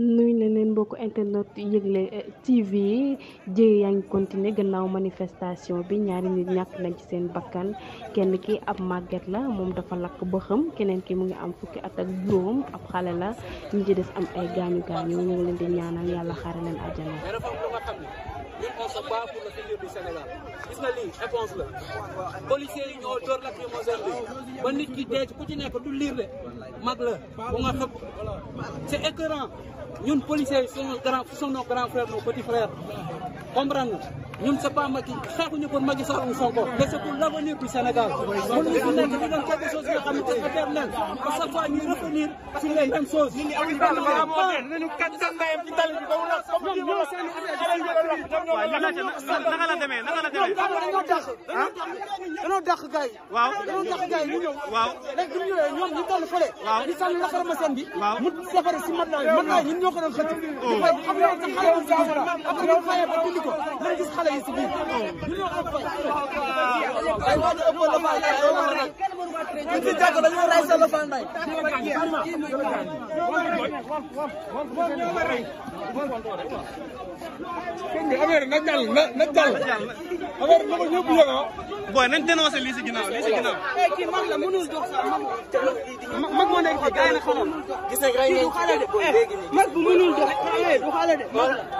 nuy na leen mbokk internet yëgle TV jëye yaa ngi continuer gannaaw manifestation bi ñaari nit ñàkk nañ ci seen bakkan kenn ki ab màgget la moom dafa lakk ba xëm keneen ki mu ngi am fukki at ak juróom ab xale la ñi ci des am ay gaañu gaañu ñoo ngi leen di ñaanal yàlla xaare leen àjjana ñun on se bat pour yi ñoo door lacrymogène bi ba nit ki dee ci ku ci nekk du liir de mag la bu nga xëpp c'est écœurant ñun policiers yi sont nos grands sont nos grands frères nos ne c'est pas Macky xeexuñu pour ça Sall sent bon. mais c'est pour l'avenir du Sénégal mënuñu fi nekk di dem quelque chose yoo xam ne c'est éternel à chaque fois nous revenir sur les mêmes choses nañu kattan ndayam ci tali bi ba wala sama ñoo seen naka la demee naka la Nous dañoo dàq dañoo dàq gars yi waaw dañoo dàq gars yi ñu ñëw waaw léegi ñu ñëwee ñoom ñu toll fële waaw di sànni naqar ma seen bi mu defare si mat naa mat naa ñun ñoo ko doon xëcc di fay xam nga xale bu jaamu la après ñu fayee ba dindi ko lañ gis xale yi si biir. ay wax dëgg ëpp Lofane Ndeye ay wax nag. ñu ci jàkk dañoo rey sa Lofane Ndeye. affaire na jàll na na jàll. affaire na ko ñëpp yëg ah. booy nañ dénoncé lii si ginnaaw lii si ginnaaw. kii mag la mënul dox sax mag. mag moo nekk fii gars yi nag xamoon. gis nga rey ngeen eh, ci léegi nii. mag bu mënul dox xale du xale de mag la.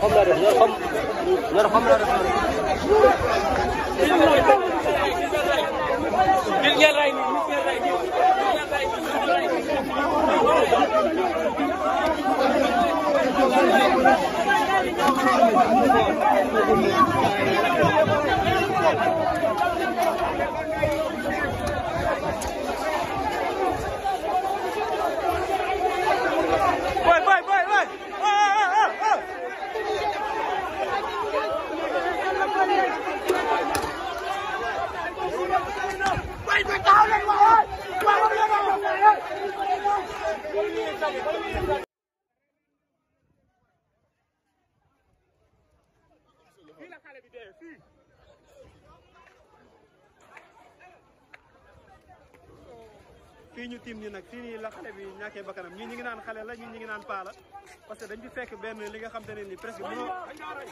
không ra được nhớ không nhớ không ra được Thank you. bi dee fii fii ñu tiim ni nag fii nii la xale bi ñàkkee bakkanam ñii ñi ngi naan xale la ñii ñi ngi naan paa la parce que dañ fi fekk benn li nga xam ne ni presque mënoo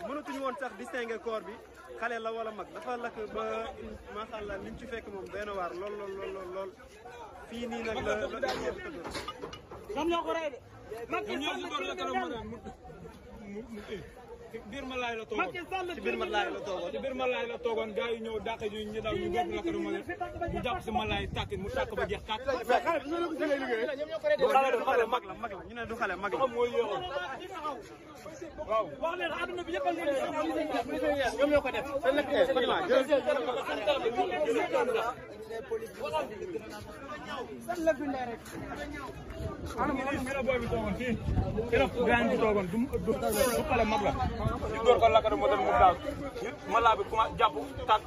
mënatuñu woon sax distinguer corps bi xale la wala mag dafa lakk ba macha allah liñ ci fekk moom benn waar lool lool lool fii nii nag la la ñoom ñoo ko rey de. ñoom ñoo si door la kanam mu mu ci biir la toogoon ci biir ma laay la toogoon ci biir ma laay la ñu ñu daw ñu góob la ko dama leen mu jàpp si ma mu tàkk ba jeex tàkk. mais xale bi ñoo ko jëlee ñu ne du xale mag la. la booy bi toogoon fii. keroog ñu door ko a rek mu doon mu daal ma laa bi commencé jàpp tàkk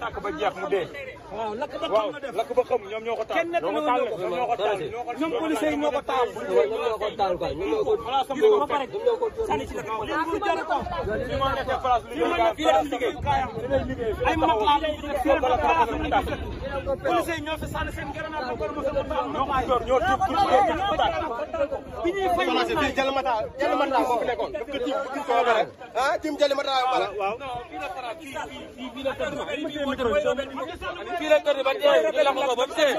tàkk ba jeex mu dee. waaw lakk ba xam la def lakk ba xam ñoom ñoo ko taal. kenn nag ñoo ko ñoo ko taal ñoom policiers yi ñoo ko taal. ñoom ñoo ko taal quoi ñoom ñoo ko. voilà sama bopp ba pare sànni ci dëkk bi. li mu jar ko li ma nekk place li ma nekk place liggéey. ay mag laa def fii la place mu nekk dëkk. policiers yi ñoo fi sànni seen gërëm ak borom sa bopp am. ñoo ko jor ñoo tibb tuuti ko ñoo taal. bi ñuy fay ñu fay Jalimata Jalimata moo fi nekkoon. dëkk tibb tibb ko wala rek. ah tibb Jalimata wala. waaw. fii la tëdd ba tey la ko ba tey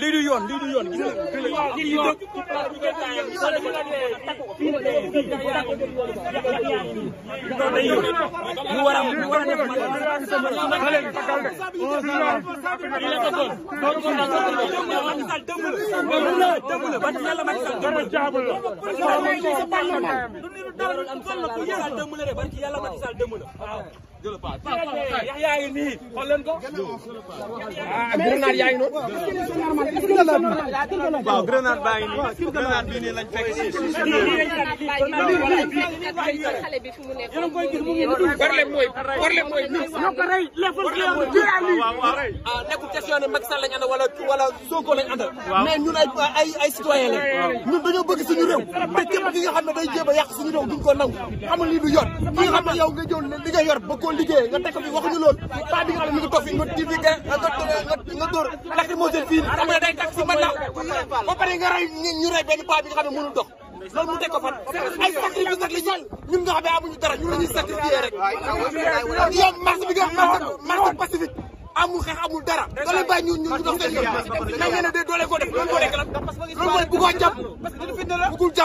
lii du yoon lii du yoon gis nga lii du mu war a mu war a def ma la la la jël paas yax yaa ngi nii xool leen ko ah grenade yaa ngi noonu waaw grenade baa ngi nii grenade bi nii lañ fekk si si xale bi fi mu nekk problème mooy problème mooy ñoo ko rey lefal ci ali ah nekkul question ne Macky Sall lañ àndal wala wala Sonko lañ àndal mais ñun ay ay réew te képp ki nga xam ne day jéem a yàq suñu réew duñ ko nangu xam nga lii du yoon ki xam ne yow nga jël li nga yor bëgg doon liggéey nga teg ko fi waxuñu loolu pas bi nga xam ne mi ngi toog fi nga di fi nga dóor lacrymogène fii xam nga day tax si mën naa ba pare dara ñun la ñuy sacrifier rek yow marche bi nga marche marche pacifique amul xeex amul dara doo leen bàyyi ñu ñu ñu dox seen yoon nañ a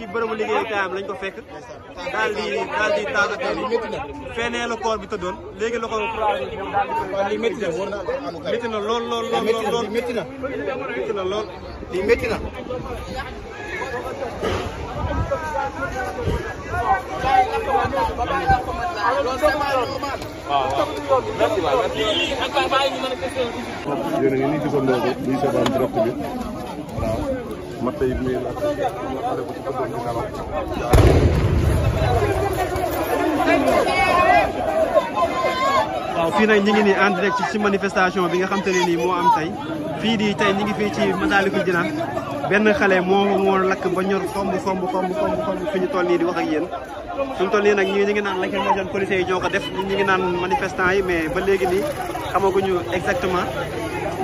ci bërëbu liggéeyukaayam lañ ko fekk daal di daal di taal affaire yi feneen la bi tëddoon léegi la ko daal di na métti na lool lool lool lool métti na na lool lii métti na ಮತ್ತೆ ಇಲ್ಲಿ waaw fii nag ñi ngi ni en direct ci manifestation bi nga xam te ne am tey fii di tey ñi ngi fii ci Massalikul Jinaan benn xale moo moo lakk ba ñor xomb xomb xomb xomb xomb fi ñu toll di wax ak yéen suñ toll nii nag ñi ngi naan lakk moo doon policiers yi ñoo def ñi ngi naan manifestant yi mais ba léegi nii xamaguñu exactement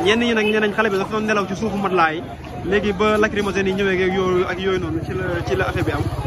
ñenn ñi nag ñeneen xale bi dafa nelaw ci suufu matelas yi léegi ba lacrymogène yi ñëwee ak yooyu ak yooyu noonu ci la ci la affaire bi am.